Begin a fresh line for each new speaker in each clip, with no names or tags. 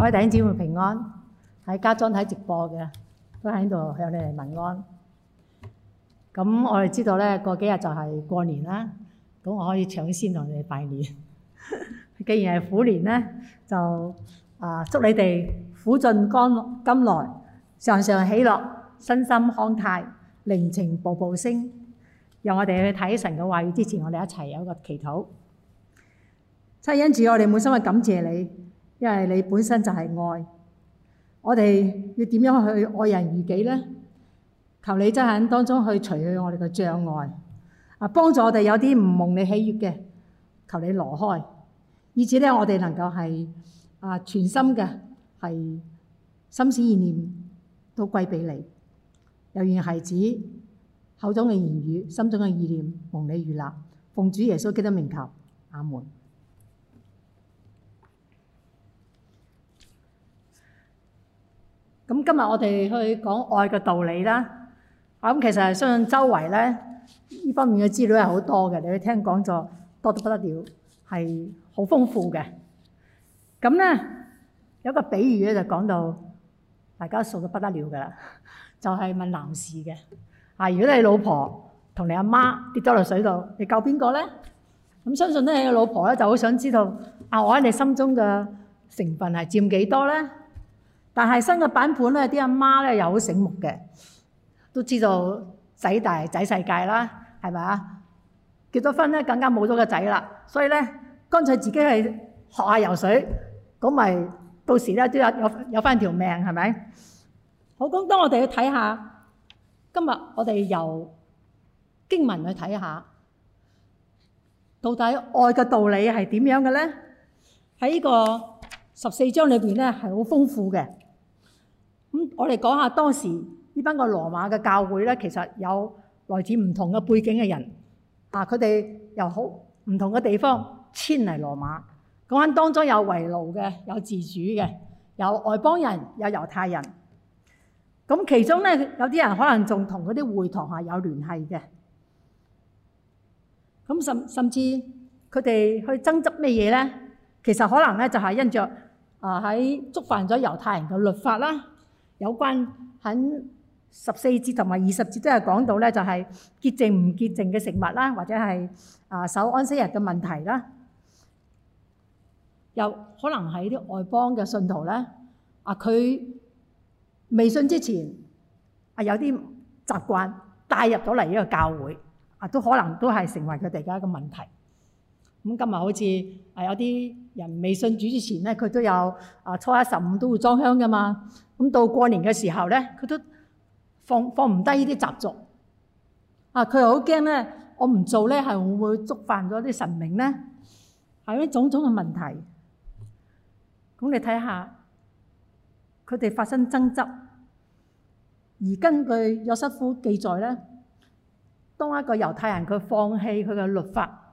我哋弟兄姊妹平安，喺家莊睇直播嘅，都喺度向你哋問安。咁我哋知道咧，過幾日就係過年啦，咁我可以搶先同你哋拜年。 既然係虎年咧，就啊祝你哋虎盡甘來，常常喜樂，身心康泰，靈情步步升。由我哋去睇神嘅話語之前，我哋一齊有一個祈禱。七恩主，我哋滿心嘅感謝你。因為你本身就係愛，我哋要點樣去愛人如己呢？求你真係當中去除去我哋嘅障礙，啊幫助我哋有啲唔蒙你喜悅嘅，求你挪開，以致咧我哋能夠係啊全心嘅，係心思意念都歸畀你。猶如孩子口中嘅言語、心中嘅意念，蒙你悅納，奉主耶穌基督名求，阿門。咁今日我哋去講愛嘅道理啦，啊咁其實相信周圍咧呢方面嘅資料係好多嘅，你去聽講座多得不得了，係好豐富嘅。咁咧有一個比喻咧就講到大家熟到不得了㗎啦，就係問男士嘅，啊如果你老婆同你阿媽跌咗落水度，你救邊個咧？咁相信咧你老婆咧就好想知道，啊我喺你心中嘅成分係佔幾多咧？但係新嘅版本咧，啲阿媽咧又好醒目嘅，都知道仔大仔世界啦，係咪啊？結咗婚咧，更加冇咗個仔啦，所以咧，乾脆自己去學下游水，咁咪到時咧都有有有翻條命，係咪？好，咁，等我哋去睇下今日我哋由經文去睇下，到底愛嘅道理係點樣嘅咧？喺呢個十四章裏邊咧係好豐富嘅。咁我哋講下當時呢班個羅馬嘅教會咧，其實有來自唔同嘅背景嘅人啊，佢哋由好唔同嘅地方遷嚟羅馬。講緊當中有為奴嘅，有自主嘅，有外邦人，有猶太人。咁其中咧有啲人可能仲同嗰啲會堂下有聯繫嘅。咁甚甚至佢哋去爭執咩嘢咧？其實可能咧就係因着啊喺觸犯咗猶太人嘅律法啦。有關喺十四節同埋二十節都係講到，就係潔淨唔潔淨嘅食物啦，或者係守安息日嘅問題啦。有可能係啲外邦嘅信徒呢，佢未信之前有啲習慣帶入咗嚟呢個教會，都可能都係成為佢哋一個問題。咁今日好似有啲人未信主之前咧，佢都有啊，初一十五都會裝香噶嘛。咁到過年嘅時候咧，佢都放放唔低呢啲習俗。啊，佢又好驚咧，我唔做咧，係會唔會觸犯咗啲神明咧？係呢種種嘅問題。咁你睇下，佢哋發生爭執。而根據約瑟夫記載咧，當一個猶太人佢放棄佢嘅律法。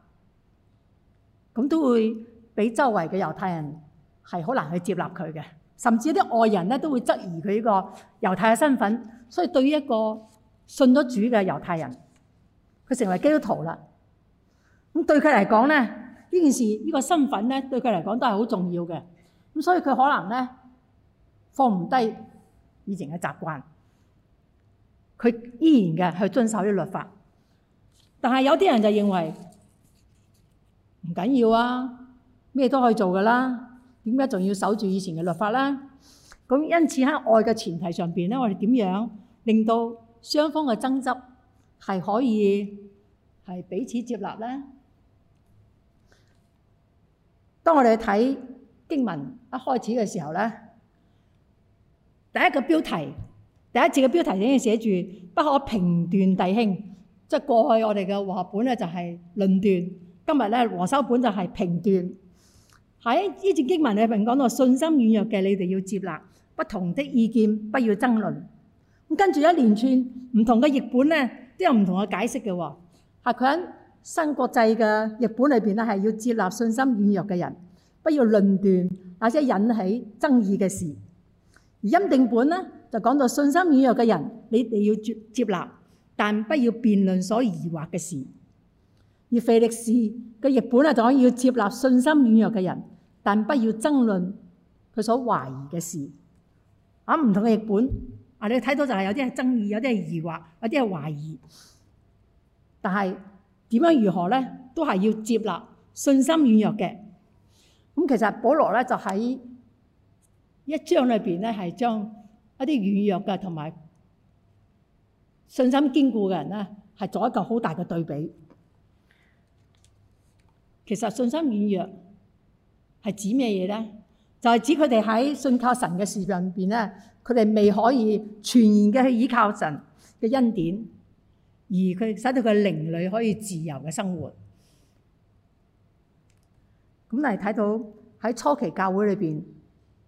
咁都會俾周圍嘅猶太人係好難去接納佢嘅，甚至啲外人咧都會質疑佢呢個猶太嘅身份。所以對於一個信咗主嘅猶太人，佢成為基督徒啦。咁對佢嚟講咧，呢件事呢、這個身份咧，對佢嚟講都係好重要嘅。咁所以佢可能咧放唔低以前嘅習慣，佢依然嘅去遵守啲律法。但係有啲人就認為。緊要啊！咩都可以做噶啦，點解仲要守住以前嘅律法啦？咁因此喺愛嘅前提上邊咧，我哋點樣令到雙方嘅爭執係可以係彼此接納咧？當我哋去睇經文一開始嘅時候咧，第一個標題，第一次嘅標題已經寫住不可評斷弟兄，即係過去我哋嘅和合本咧就係論斷。今日咧，和修本就係評斷。喺呢段經文裏邊講到信心軟弱嘅，你哋要接納不同的意見，不要爭論。咁跟住一連串唔同嘅譯本咧都有唔同嘅解釋嘅喎，佢喺新國際嘅譯本裏邊咧係要接納信心軟弱嘅人，不要論斷那些引起爭議嘅事。而欽定本咧就講到信心軟弱嘅人，你哋要接接納，但不要辯論所疑惑嘅事。而腓力士嘅日本啊黨要接納信心軟弱嘅人，但不要爭論佢所懷疑嘅事。啊唔同嘅日本啊，你睇到就係有啲係爭議，有啲係疑惑，有啲係懷疑。但係點樣如何咧？都係要接納信心軟弱嘅。咁、嗯、其實保羅咧就喺一章裏面咧係將一啲軟弱嘅同埋信心堅固嘅人咧係做一個好大嘅對比。其實信心軟弱係指咩嘢咧？就係指佢哋喺信靠神嘅事上邊咧，佢哋未可以全然嘅去倚靠神嘅恩典，而佢使到佢嘅靈裏可以自由嘅生活。咁嚟睇到喺初期教會裏邊，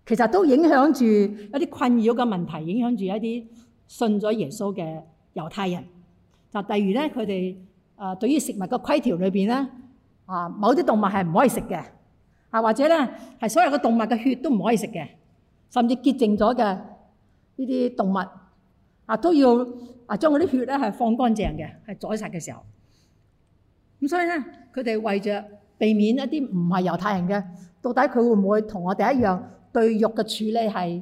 其實都影響住一啲困擾嘅問題，影響住一啲信咗耶穌嘅猶太人。就例如咧，佢哋啊對於食物嘅規條裏邊咧。啊，某啲動物係唔可以食嘅，啊或者咧係所有嘅動物嘅血都唔可以食嘅，甚至潔淨咗嘅呢啲動物，啊都要啊將嗰啲血咧係放乾淨嘅，係宰殺嘅時候。咁所以咧，佢哋為著避免一啲唔係猶太人嘅，到底佢會唔會同我哋一樣對肉嘅處理係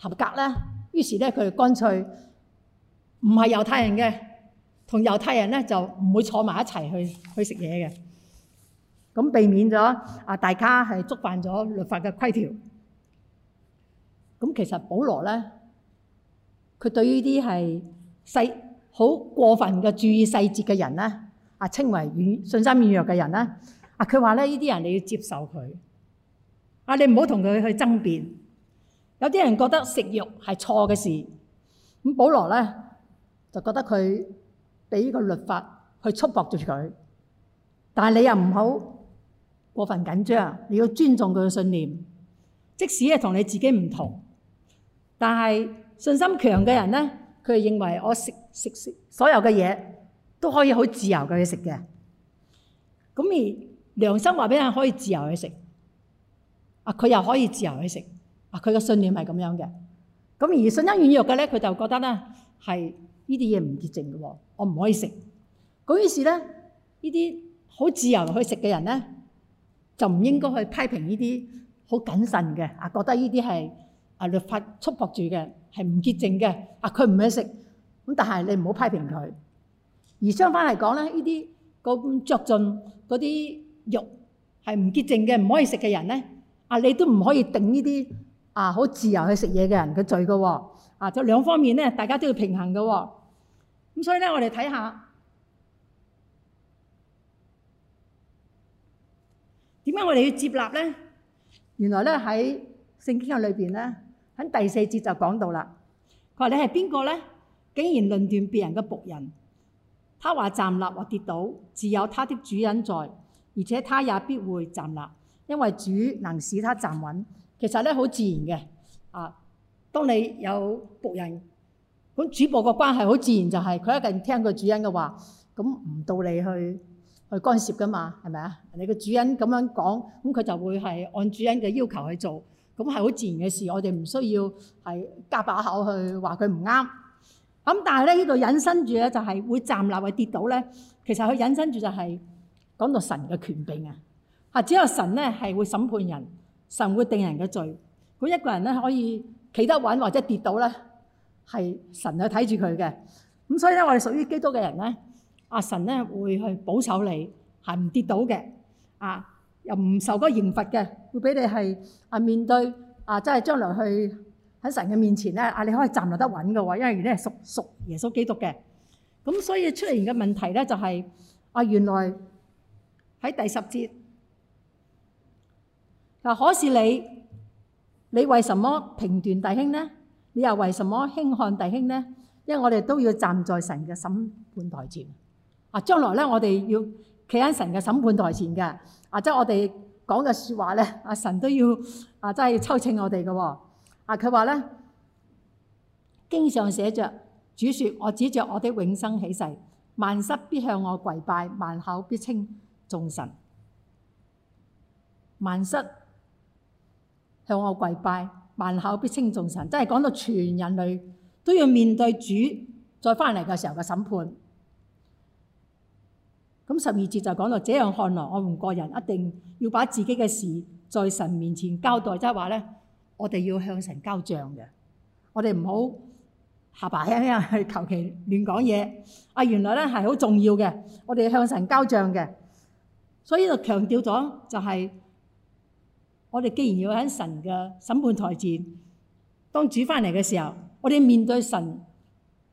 合格咧？於是咧，佢哋乾脆唔係猶太人嘅。同猶太人咧就唔會坐埋一齊去去食嘢嘅，咁避免咗啊，大家係觸犯咗律法嘅規條。咁其實保羅咧，佢對呢啲係細好過分嘅注意細節嘅人咧，啊稱為軟信心軟弱嘅人咧，啊佢話咧呢啲人你要接受佢啊，你唔好同佢去爭辯。有啲人覺得食肉係錯嘅事，咁保羅咧就覺得佢。俾、這、呢個律法去束縛住佢，但係你又唔好過分緊張，你要尊重佢嘅信念，即使係同你自己唔同，但係信心強嘅人咧，佢係認為我食食食所有嘅嘢都可以好自由嘅去食嘅。咁而良心話俾人可以自由去食，啊佢又可以自由去食，啊佢嘅信念係咁樣嘅。咁而信心軟弱嘅咧，佢就覺得咧係。呢啲嘢唔潔淨嘅喎，我唔可以食。咁於是咧，呢啲好自由去食嘅人咧，就唔應該去批評呢啲好謹慎嘅啊，覺得呢啲係啊律法束縛住嘅，係唔潔淨嘅啊，佢唔可以食。咁但係你唔好批評佢。而相反嚟講咧，呢啲咁著進嗰啲肉係唔潔淨嘅，唔可以食嘅人咧，啊你都唔可以定呢啲。啊，好自由去食嘢嘅人嘅罪噶喎、哦，啊，就兩方面咧，大家都要平衡噶喎、哦。咁所以咧，我哋睇下點解我哋要接納咧？原來咧喺聖經嘅裏邊咧，喺第四節就講到啦。佢話你係邊個咧？竟然論斷別人嘅僕人，他話站立或跌倒，自有他的主人在，而且他也必會站立，因為主能使他站穩。其實咧好自然嘅，啊，當你有僕人，咁主僕個關係好自然就係、是、佢一定聽個主人嘅話，咁唔到你去去干涉噶嘛，係咪啊？你個主人咁樣講，咁佢就會係按主人嘅要求去做，咁係好自然嘅事，我哋唔需要係夾把口去話佢唔啱。咁但係咧呢度、這個、引申住咧就係會站立或跌倒咧，其實佢引申住就係講到神嘅權柄啊，啊只有神咧係會審判人。神會定人嘅罪，咁一個人咧可以企得穩或者跌倒咧，係神去睇住佢嘅。咁所以咧，我哋屬於基督嘅人咧，阿神咧會去保守你，係唔跌倒嘅，啊又唔受嗰個刑罰嘅，會俾你係啊面對啊即係將來去喺神嘅面前咧，啊你可以站立得穩嘅喎，因為如果你係屬耶穌基督嘅，咁所以出現嘅問題咧就係、是、啊原來喺第十節。嗱，可是你你為什麼評斷弟兄呢？你又為什麼輕看弟兄呢？因為我哋都要站在神嘅審判台前。啊，將來咧，我哋要企喺神嘅審判台前嘅。啊，即係我哋講嘅説話咧，阿神都要啊，即係抽清我哋嘅喎。啊，佢話咧，經上寫着主説：我指著我的永生起誓，萬失必向我跪拜，萬口必稱眾神，萬失。向我跪拜，萬口必稱眾神，即係講到全人類都要面對主再翻嚟嘅時候嘅審判。咁十二節就講到，這樣看來，我們個人一定要把自己嘅事在神面前交代，即係話咧，我哋要向神交賬嘅。我哋唔好下巴輕輕去求其亂講嘢。啊，原來咧係好重要嘅，我哋要向神交賬嘅。所以就強調咗，就係。我哋既然要喺神嘅審判台前，當主翻嚟嘅時候，我哋面對神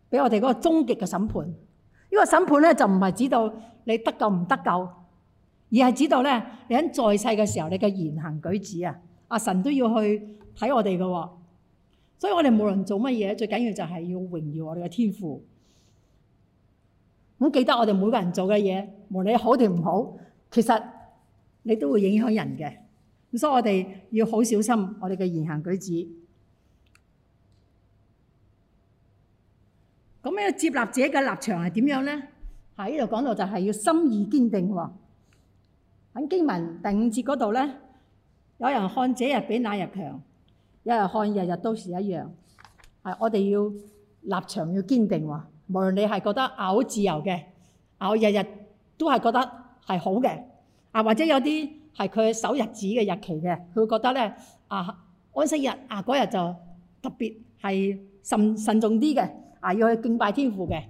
俾我哋嗰個終極嘅審判。呢個審判咧就唔係指到你得救唔得救，而係指到咧你喺在世嘅時候你嘅言行舉止啊！阿神都要去睇我哋㗎喎，所以我哋無論做乜嘢，最緊要就係要榮耀我哋嘅天父。咁記得我哋每個人做嘅嘢，無論好定唔好，其實你都會影響人嘅。咁所以我哋要好小心我哋嘅言行舉止。咁樣接納自己嘅立場係點樣咧？喺呢度講到就係要心意堅定喎。喺經文第五節嗰度咧，有人看這日比那日強，有人看日日都是一樣。係我哋要立場要堅定喎。無論你係覺得好自由嘅，啊我日日都係覺得係好嘅，啊或者有啲。係佢首日子嘅日期嘅，佢覺得咧，啊安息日啊嗰日就特別係慎慎重啲嘅，啊要去敬拜天父嘅。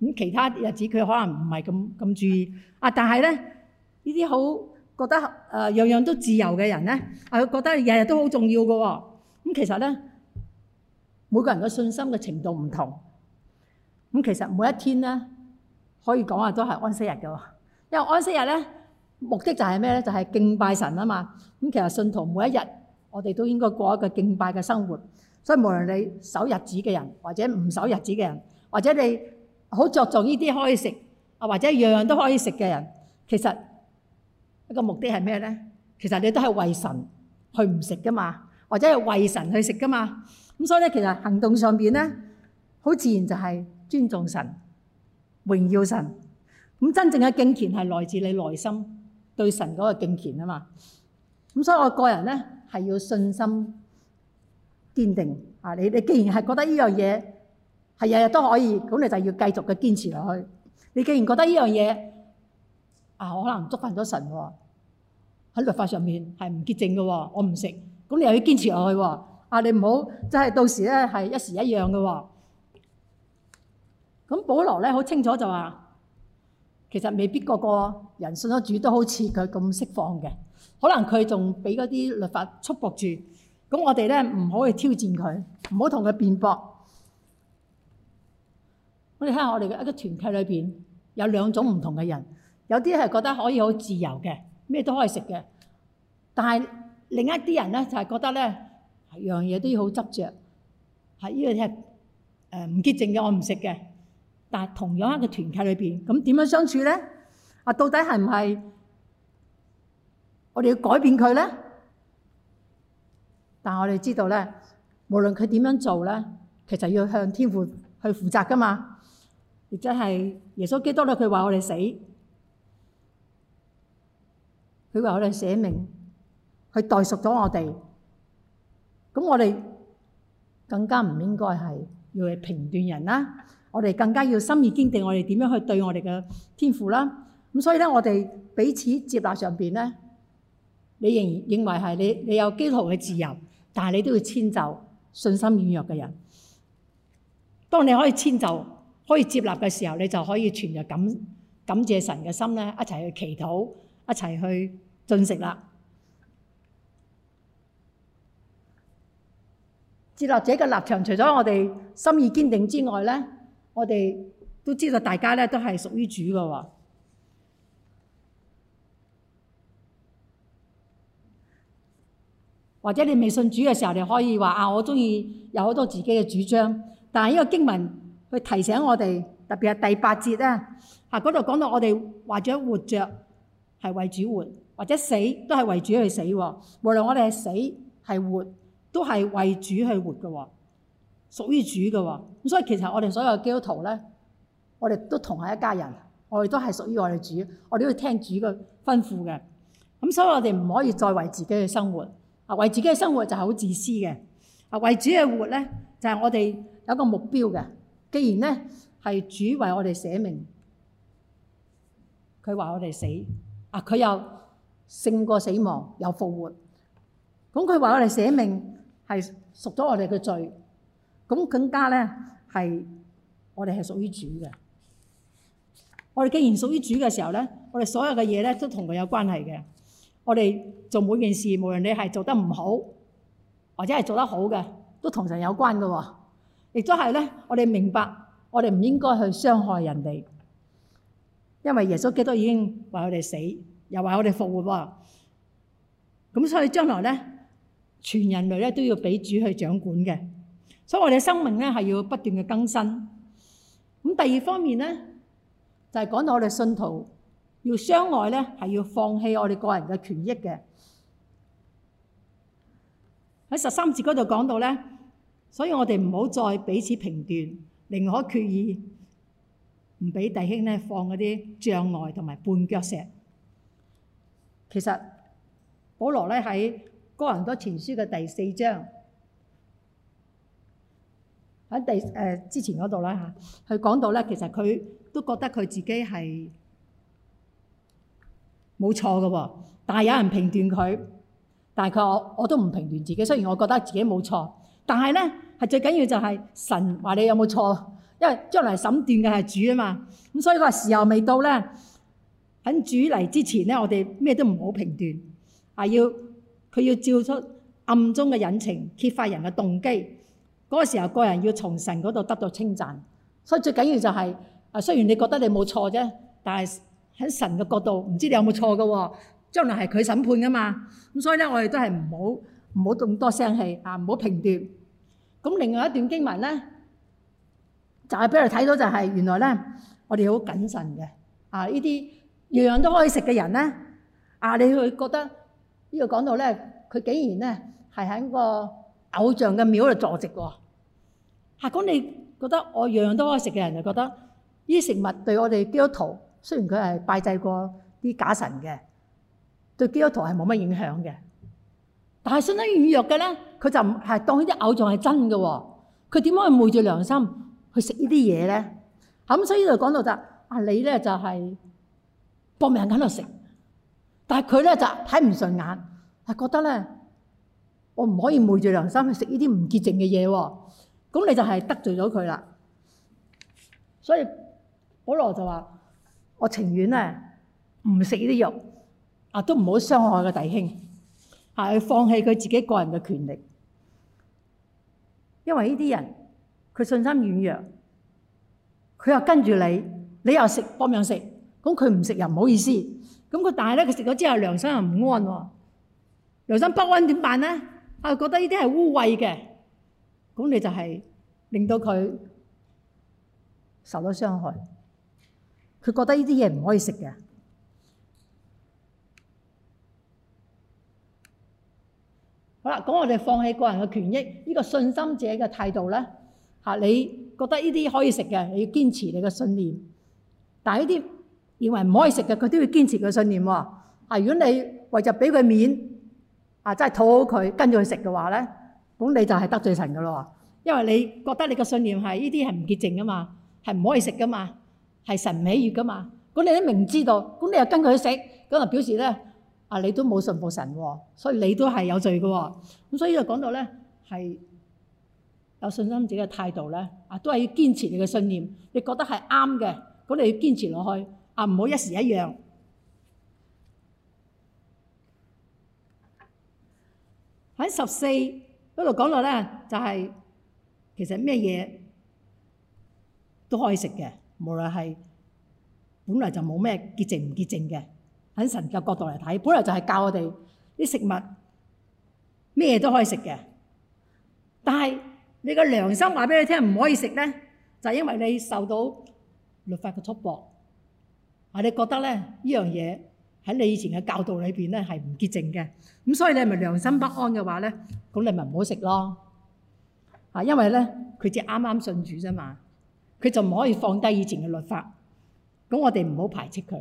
咁其他日子佢可能唔係咁咁注意。啊，但係咧呢啲好覺得誒樣、呃、樣都自由嘅人咧，啊佢覺得日日都好重要㗎喎、哦。咁、嗯、其實咧每個人嘅信心嘅程度唔同。咁、嗯、其實每一天咧可以講話都係安息日嘅喎、哦，因為安息日咧。目的就係咩咧？就係敬拜神啊嘛！咁其實信徒每一日，我哋都應該過一個敬拜嘅生活。所以無論你守日子嘅人，或者唔守日子嘅人，或者你好着重呢啲可以食，啊或者樣樣都可以食嘅人，其實一個目的係咩咧？其實你都係為神去唔食㗎嘛，或者係為神去食㗎嘛。咁所以咧，其實行動上面咧，好自然就係尊重神、榮耀神。咁真正嘅敬虔係來自你內心。對神嗰個敬虔啊嘛，咁所以我個人咧係要信心堅定啊！你你既然係覺得呢樣嘢係日日都可以，咁你就要繼續嘅堅持落去。你既然覺得呢樣嘢啊，我可能觸犯咗神喎，喺律法上面係唔潔淨嘅喎，我唔食，咁你又要堅持落去喎。啊，你唔好即係到時咧係一時一樣嘅喎。咁保羅咧好清楚就話。其實未必個個人信咗主都好似佢咁釋放嘅，可能佢仲俾嗰啲律法束縛住。咁我哋咧唔好去挑戰佢，唔好同佢辯駁。我哋睇下我哋嘅一個團契裏邊有兩種唔同嘅人，有啲係覺得可以好自由嘅，咩都可以食嘅。但係另一啲人咧就係覺得咧，樣樣嘢都要好執著，係呢個係誒唔潔淨嘅，我唔食嘅。但同樣嘅團契裏邊，咁點樣相處咧？啊，到底係唔係我哋要改變佢咧？但我哋知道咧，無論佢點樣做咧，其實要向天父去負責㗎嘛。亦即係耶穌基督咧，佢話我哋死，佢為我哋捨命，佢代贖咗我哋。咁我哋更加唔應該係要去評斷人啦。我哋更加要心意堅定，我哋點樣去對我哋嘅天父啦？咁所以咧，我哋彼此接納上邊咧，你認認為係你你有基督徒嘅自由，但係你都要遷就信心軟弱嘅人。當你可以遷就、可以接納嘅時候，你就可以存著感感謝神嘅心咧，一齊去祈禱，一齊去進食啦。接納者嘅立場，除咗我哋心意堅定之外咧。我哋都知道大家咧都係屬於主嘅喎，或者你未信主嘅時候，你可以話啊，我中意有好多自己嘅主張。但係呢個經文去提醒我哋，特別係第八節咧，嚇嗰度講到我哋或者活着係為主活，或者死都係為主去死，啊。無論我哋係死係活，都係為主去活嘅喎。屬於主嘅喎，咁所以其實我哋所有嘅基督徒咧，我哋都同係一家人，我哋都係屬於我哋主，我哋都要聽主嘅吩咐嘅。咁所以我哋唔可以再為自己嘅生活，啊為自己嘅生活就係好自私嘅。啊為主嘅活咧，就係我哋有一個目標嘅。既然咧係主為我哋捨命，佢話我哋死，啊佢又勝過死亡又復活，咁佢話我哋捨命係贖咗我哋嘅罪。咁更加咧係我哋係屬於主嘅。我哋既然屬於主嘅時候咧，我哋所有嘅嘢咧都同佢有關係嘅。我哋做每件事，無論你係做得唔好，或者係做得好嘅，都同神有關㗎喎。亦都係咧，我哋明白我哋唔應該去傷害人哋，因為耶穌基督已經為我哋死，又為我哋復活喎。咁所以將來咧，全人類咧都要俾主去掌管嘅。所以我哋生命咧係要不斷嘅更新。咁第二方面咧，就係講到我哋信徒要相愛咧，係要放棄我哋個人嘅權益嘅。喺十三節嗰度講到咧，所以我哋唔好再彼此評斷，寧可決意唔俾弟兄咧放嗰啲障礙同埋絆腳石。其實保羅咧喺哥林多前書嘅第四章，喺第誒之前嗰度啦嚇，佢講到咧，其實佢都覺得佢自己係冇錯嘅喎，但係有人評斷佢。但係佢我我都唔評斷自己，雖然我覺得自己冇錯，但係咧係最緊要就係神話你有冇錯，因為將來審斷嘅係主啊嘛。咁所以個時候未到咧，喺主嚟之前咧，我哋咩都唔好評斷啊！要佢要照出暗中嘅隱情，揭發人嘅動機。嗰個時候個人要從神嗰度得到稱讚，所以最緊要就係雖然你覺得你冇錯啫，但係喺神嘅角度，唔知你有冇錯嘅喎，將來係佢審判㗎嘛，咁所以呢，我哋都係唔好唔好咁多聲氣，唔好評斷。偶像嘅廟度坐席喎，嚇、啊！咁你覺得我樣樣都可以食嘅人就覺得呢啲食物對我哋基督徒，雖然佢係拜祭過啲假神嘅，對基督徒係冇乜影響嘅。但係相當軟弱嘅咧，佢就唔係當呢啲偶像係真嘅喎，佢點可以昧住良心去食呢啲嘢咧？嚇、啊！咁所以就講到就是、啊，你咧就係、是、搏命喺度食，但係佢咧就睇唔順眼，係覺得咧。我唔可以昧住良心去食呢啲唔潔淨嘅嘢喎，咁你就係得罪咗佢啦。所以保羅就話：我情願咧唔食呢啲肉，啊都唔好傷害個弟兄，啊要放棄佢自己個人嘅權利，因為呢啲人佢信心軟弱，佢又跟住你，你又食搏命食，咁佢唔食又唔好意思。咁佢但係咧，佢食咗之後良心又唔安喎，良心不安點辦咧？我覺得呢啲係污穢嘅，咁你就係令到佢受到傷害。佢覺得呢啲嘢唔可以食嘅。好啦，咁我哋放棄個人嘅權益，呢個信心者嘅態度咧嚇，你覺得呢啲可以食嘅，你要堅持你嘅信念。但係呢啲認為唔可以食嘅，佢都要堅持佢信念喎。啊，如果你為著俾佢面。啊！真係討好佢，跟住去食嘅話咧，咁你就係得罪神噶啦喎！因為你覺得你嘅信念係呢啲係唔潔淨噶嘛，係唔可以食噶嘛，係神唔喜悅噶嘛。咁你都明知道，咁你又跟佢去食，咁就表示咧，啊你都冇信服神喎，所以你都係有罪噶喎。咁所以就講到咧，係有信心者嘅態度咧，啊都係要堅持你嘅信念，你覺得係啱嘅，咁你要堅持落去，啊唔好一時一樣。喺十四一路講落咧，就係其實咩嘢都可以食嘅，無論係本來就冇咩潔淨唔潔淨嘅，喺神嘅角度嚟睇，本來就係教我哋啲食物咩嘢都可以食嘅。但係你個良心話畀你聽唔可以食咧，就係因為你受到律法嘅束縛。啊，你覺得咧呢樣嘢？喺你以前嘅教導裏邊咧，係唔潔淨嘅，咁所以你係咪良心不安嘅話咧？咁你咪唔好食咯，啊，因為咧佢只係啱啱信主啫嘛，佢就唔可以放低以前嘅律法。咁我哋唔好排斥佢，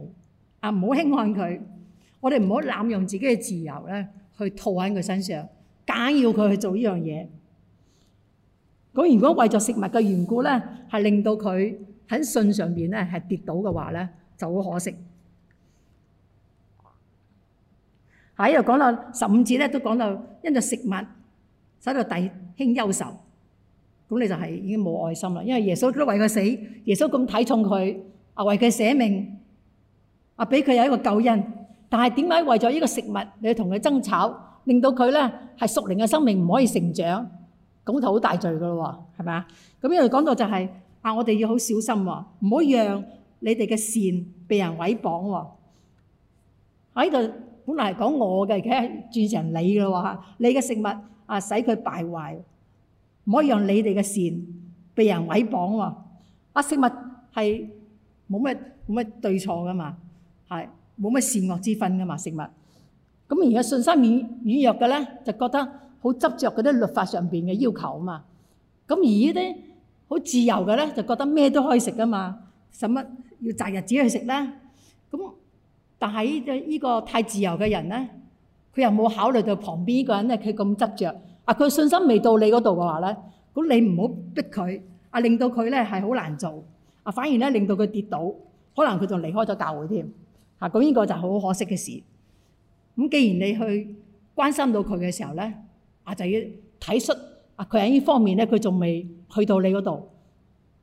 啊，唔好輕看佢，我哋唔好濫用自己嘅自由咧去套喺佢身上，硬要佢去做呢樣嘢。咁如果為咗食物嘅緣故咧，係令到佢喺信上邊咧係跌倒嘅話咧，就好可惜。喺度講到十五節咧，都講到因着食物，使到弟兄憂愁，咁你就係已經冇愛心啦。因為耶穌都為佢死，耶穌咁睇重佢啊，為佢捨命啊，俾佢有一個救恩。但係點解為咗呢個食物，你同佢爭吵，令到佢咧係屬靈嘅生命唔可以成長，咁就好大罪噶咯喎？係咪啊？咁又講到就係啊，我哋要好小心喎，唔好讓你哋嘅善被人毀謗喎喺度。本來係講我嘅，而家轉成你嘅喎嚇。你嘅食物啊，使佢敗壞，唔可以讓你哋嘅善被人毀謗喎。啊，食物係冇咩冇咩對錯噶嘛，係冇咩善惡之分噶嘛，食物。咁而家信心軟軟弱嘅咧，就覺得好執著嗰啲律法上邊嘅要求啊嘛。咁而呢啲好自由嘅咧，就覺得咩都可以食噶嘛，使乜要擇日子去食咧？咁。但係呢個太自由嘅人呢，佢又冇考慮到旁邊呢個人呢，佢咁執着，啊！佢信心未到你嗰度嘅話呢，咁你唔好逼佢啊，令到佢呢係好難做啊，反而呢令到佢跌倒，可能佢仲離開咗教會添嚇。咁、啊、呢、啊呢個就好可惜嘅事。咁、啊、既然你去關心到佢嘅時候呢，啊就要體恤，啊，佢喺呢方面呢，佢仲未去到你嗰度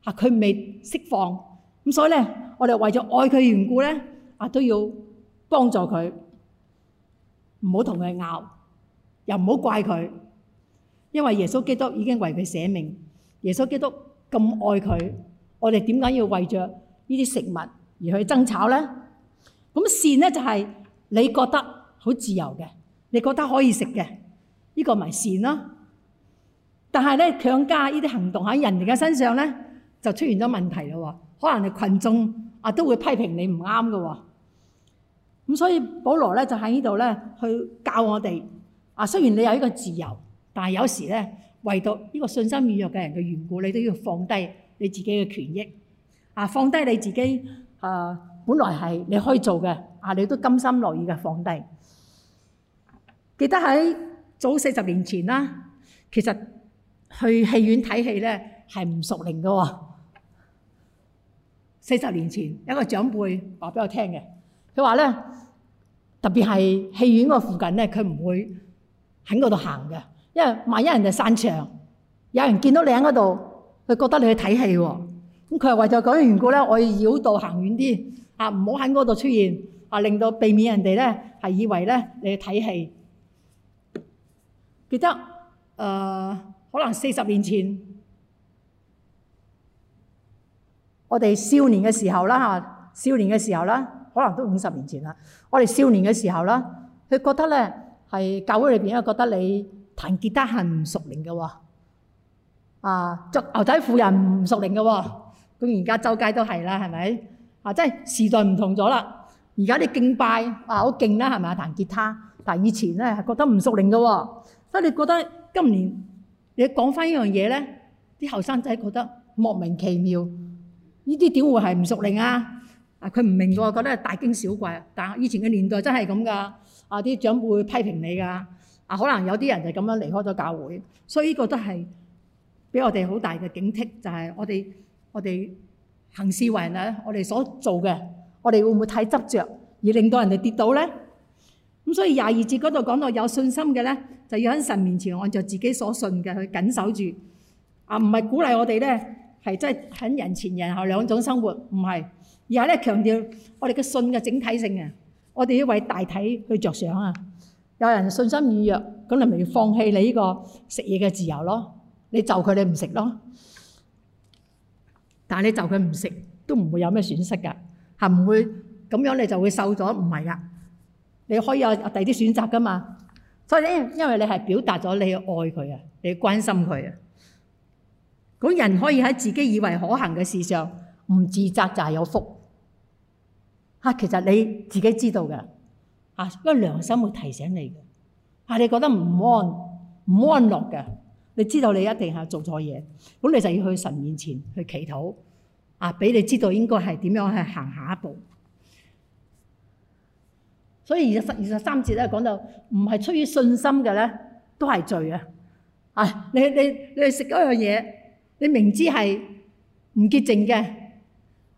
嚇，佢未釋放咁，所以呢，我哋為咗愛佢緣故呢。啊！都要幫助佢，唔好同佢拗，又唔好怪佢，因為耶穌基督已經為佢捨命。耶穌基督咁愛佢，我哋點解要為着呢啲食物而去爭吵咧？咁善咧就係你覺得好自由嘅，你覺得可以食嘅，呢個咪善咯。但係咧強加呢啲行動喺人哋嘅身上咧，就出現咗問題咯。可能係群眾啊都會批評你唔啱嘅喎。咁所以保羅咧就喺呢度咧去教我哋啊，雖然你有呢個自由，但係有時咧，唯獨呢個信心軟弱嘅人嘅緣故，你都要放低你自己嘅權益啊，放低你自己啊，本來係你可以做嘅啊，你都甘心樂意嘅放低。記得喺早四十年前啦，其實去戲院睇戲咧係唔屬靈嘅喎。四十年前，一個長輩話俾我聽嘅。佢話呢，特別係戲院個附近呢，佢唔會喺嗰度行嘅，因為萬一人哋散場，有人見到你喺嗰度，佢覺得你去睇戲喎、哦。咁佢係為咗嗰啲緣故呢，我要繞道行遠啲，嚇唔好喺嗰度出現、啊，令到避免人哋呢係以為呢你去睇戲。記得、呃、可能四十年前，我哋少年嘅時候啦、啊、少年嘅時候啦。可能都五十年前啦，我哋少年嘅時候啦，佢覺得咧係教會裏邊覺得你吉他熟，啊，覺得你彈吉他係唔屬靈嘅喎，啊著，牛仔褲又唔屬靈嘅喎，咁而家周街都係啦，係咪啊？即係時代唔同咗啦，而家啲敬拜啊好勁啦，係咪啊？彈吉他，但以前咧係覺得唔屬靈嘅喎，所以你覺得今年你講翻呢樣嘢咧，啲後生仔覺得莫名其妙，呢啲點會係唔屬靈啊？啊！佢唔明㗎，覺得係大驚小怪。但係以前嘅年代真係咁噶。啊！啲長輩會批評你㗎。啊，可能有啲人就咁樣離開咗教會，所以呢個都係俾我哋好大嘅警惕。就係、是、我哋我哋行事為人咧，我哋所做嘅，我哋會唔會太執着，而令到人哋跌倒咧？咁所以廿二節嗰度講到有信心嘅咧，就要喺神面前按照自己所信嘅去緊守住。啊，唔係鼓勵我哋咧，係真係喺人前人後兩種生活，唔係。而係咧強調我哋嘅信嘅整體性啊！我哋要為大體去着想啊！有人信心軟弱，咁你咪要放棄你呢個食嘢嘅自由咯？你就佢你唔食咯？但係你就佢唔食都唔會有咩損失㗎，係唔會。咁樣你就會瘦咗？唔係啊！你可以有第啲選擇㗎嘛？所以咧，因為你係表達咗你愛佢啊，你關心佢啊。咁人可以喺自己以為可行嘅事上唔自責就係有福。吓、啊！其實你自己知道嘅，嚇、啊，因為良心會提醒你嘅。嚇、啊，你覺得唔安唔安樂嘅，你知道你一定係做錯嘢，咁你就要去神面前去祈禱，啊，俾你知道應該係點樣去行下一步。所以二十二十三節咧講到唔係出於信心嘅咧，都係罪啊！啊，你你你食嗰樣嘢，你明知係唔潔淨嘅，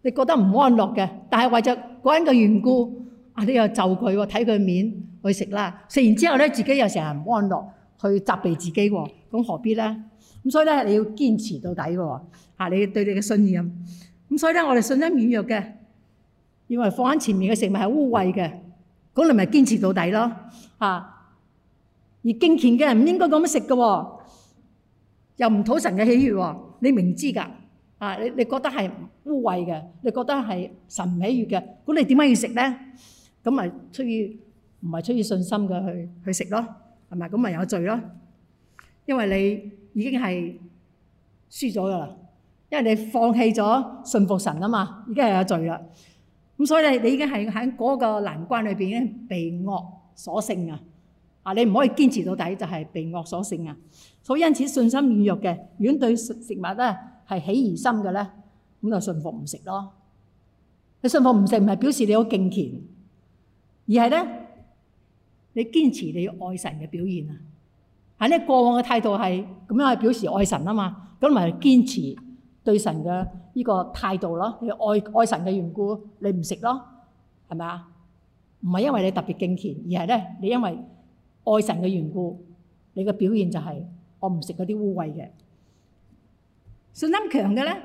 你覺得唔安樂嘅，但係為咗……嗰個人嘅緣故，你又就佢喎，睇佢面去食啦。食完之後呢，自己又成日唔安樂，去責備自己喎。咁何必呢？咁所以呢，你要堅持到底喎。你對你嘅信任，咁所以呢，我哋信心軟弱嘅，認為放喺前面嘅食物係污穢嘅，咁你咪堅持到底囉。而敬虔嘅人唔應該這樣食嘅喎，又唔討神嘅喜悅喎。你明知㗎。你你覺得係污穢嘅，你覺得係神唔喜悅嘅，你點解要食咧？咁咪出於唔係出於信心嘅去去食咯，係咪？咁咪有罪咯？因為你已經係輸咗㗎啦，因為你放棄咗信服神吖嘛，已經係有罪啦。咁所以你已經係喺嗰個難關裏邊被惡所勝啊！你唔可以堅持到底，就係被惡所勝啊！所以因此信心軟弱嘅，如果對食物咧係起疑心嘅咧，咁就信服唔食咯。你信服唔食，唔係表示你好敬虔，而係咧，你堅持你愛神嘅表現啊。係你過往嘅態度係咁樣去表示愛神啊嘛，咁咪堅持對神嘅呢個態度咯。你愛愛神嘅緣故，你唔食咯，係咪啊？唔係因為你特別敬虔，而係咧你因為愛神嘅緣故，你嘅表現就係我唔食嗰啲污穢嘅。信心強嘅咧，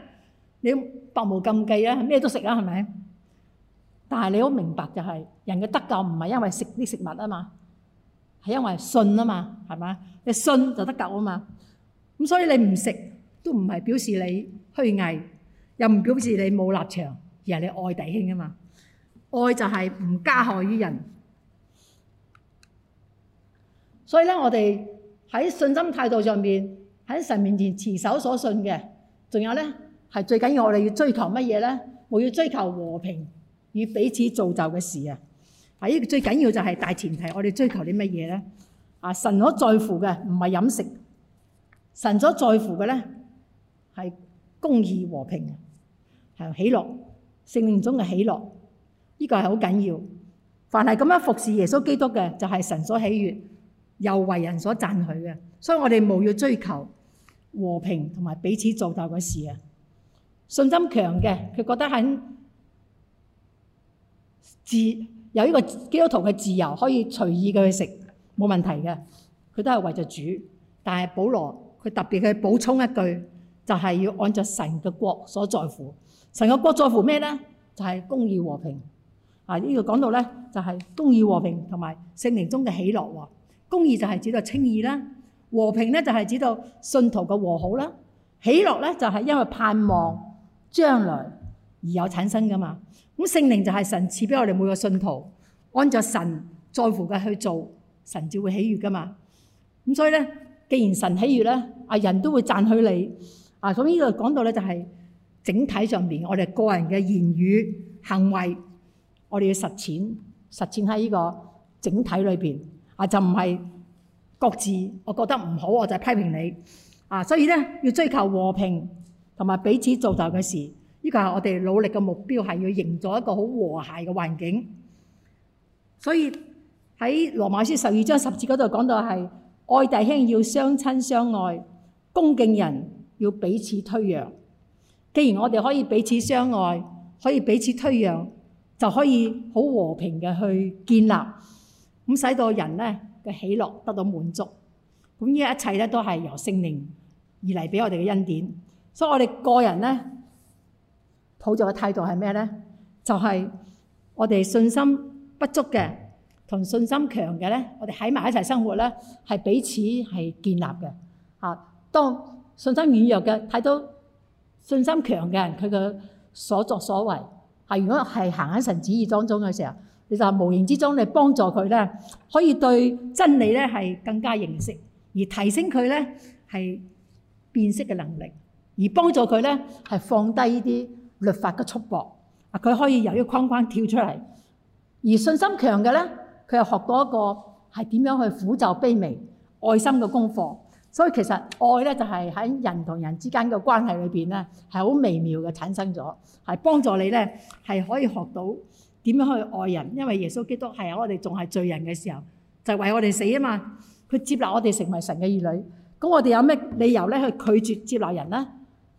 你要百無禁忌啊，咩都食啊，係咪？但係你好明白就係人嘅得救唔係因為食啲食物啊嘛，係因為信啊嘛，係咪啊？你信就得救啊嘛。咁所以你唔食都唔係表示你虛偽，又唔表示你冇立場，而係你愛弟兄啊嘛。愛就係唔加害於人。所以咧，我哋喺信心態度上面喺神面前持守所信嘅。仲有咧，係最緊要的是我哋要追求乜嘢咧？冇要追求和平與彼此造就嘅事啊！啊，呢個最緊要就係大前提，我哋追求啲乜嘢咧？啊，神所在乎嘅唔係飲食，神所在乎嘅咧係公義和平，係喜樂，聖靈中嘅喜樂。呢個係好緊要。凡係咁樣服侍耶穌基督嘅，就係、是、神所喜悅，又為人所讚許嘅。所以我哋冇要追求。和平同埋彼此造就嘅事啊！信心強嘅佢覺得很自有，呢個基督徒嘅自由可以隨意嘅去食冇問題嘅，佢都係為著主。但係保羅佢特別去補充一句，就係要按照神嘅國所在乎。神嘅國在乎咩咧？就係公義和平啊！呢個講到咧，就係公義和平同埋聖靈中嘅喜樂喎。公義就係指到稱義啦。和平咧就係指到信徒嘅和好啦，喜樂咧就係因為盼望將來而有產生噶嘛。咁聖靈就係神賜俾我哋每個信徒，按照神在乎嘅去做，神就會喜悅噶嘛。咁所以咧，既然神喜悅咧，啊人都會讚許你啊。咁、這、呢個講到咧就係、是、整體上邊，我哋個人嘅言語行為，我哋要實踐實踐喺呢個整體裏邊啊，就唔係。各自，我覺得唔好，我就批評你啊！所以咧，要追求和平同埋彼此造就嘅事，呢個係我哋努力嘅目標，係要營造一個好和諧嘅環境。所以喺羅馬書十二章十節嗰度講到係愛弟兄要相親相愛，恭敬人要彼此推讓。既然我哋可以彼此相愛，可以彼此推讓，就可以好和平嘅去建立，咁使到人咧。嘅喜樂得到滿足，咁呢一切咧都係由聖靈而嚟俾我哋嘅恩典，所以我哋個人咧抱著嘅態度係咩咧？就係、是、我哋信心不足嘅同信心強嘅咧，我哋喺埋一齊生活咧，係彼此係建立嘅。啊，當信心軟弱嘅睇到信心強嘅人佢嘅所作所為，係如果係行喺神旨意當中嘅時候。你就係無形之中，你幫助佢咧，可以對真理咧係更加認識，而提升佢咧係辨識嘅能力，而幫助佢咧係放低呢啲律法嘅束縛。啊，佢可以由一個框框跳出嚟，而信心強嘅咧，佢又學到一個係點樣去苦就卑微、愛心嘅功課。所以其實愛咧就係喺人同人之間嘅關係裏邊咧，係好微妙嘅產生咗，係幫助你咧係可以學到。點樣去愛人？因為耶穌基督係、啊、我哋仲係罪人嘅時候，就係、為我哋死啊嘛！佢接納我哋成為神嘅兒女，咁我哋有咩理由咧去拒絕接納人咧？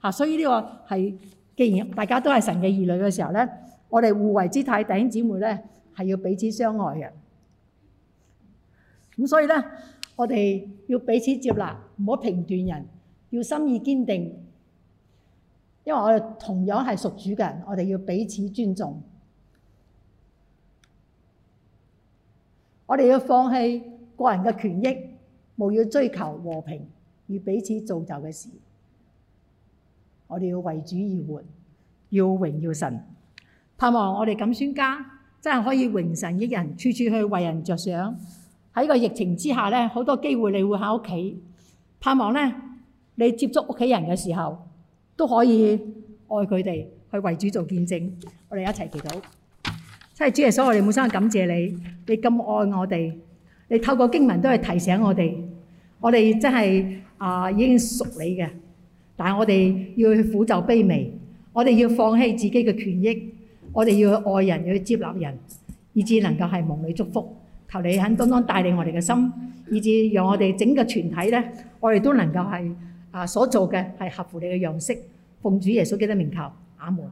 嚇！所以呢個係既然大家都係神嘅兒女嘅時候咧，我哋互為之弟兄姊妹咧係要彼此相愛嘅。咁所以咧，我哋要彼此接納，唔好評斷人，要心意堅定。因為我哋同樣係屬主嘅人，我哋要彼此尊重。我哋要放棄個人嘅權益，無要追求和平與彼此造就嘅事。我哋要為主而活，要榮耀神。盼望我哋噉宣家真係可以榮神益人，處處去為人着想。喺個疫情之下咧，好多機會你會喺屋企。盼望咧，你接觸屋企人嘅時候都可以愛佢哋，去為主做見證。我哋一齊祈禱。即係主耶穌，我哋冇生感謝你，你咁愛我哋，你透過經文都係提醒我哋，我哋真係啊、呃、已經屬你嘅，但係我哋要去苦就卑微，我哋要放棄自己嘅權益，我哋要去愛人，要去接納人，以致能夠係蒙你祝福。求你肯當當帶領我哋嘅心，以致讓我哋整個團體咧，我哋都能夠係啊、呃、所做嘅係合乎你嘅樣式，奉主耶穌基督名求，阿門。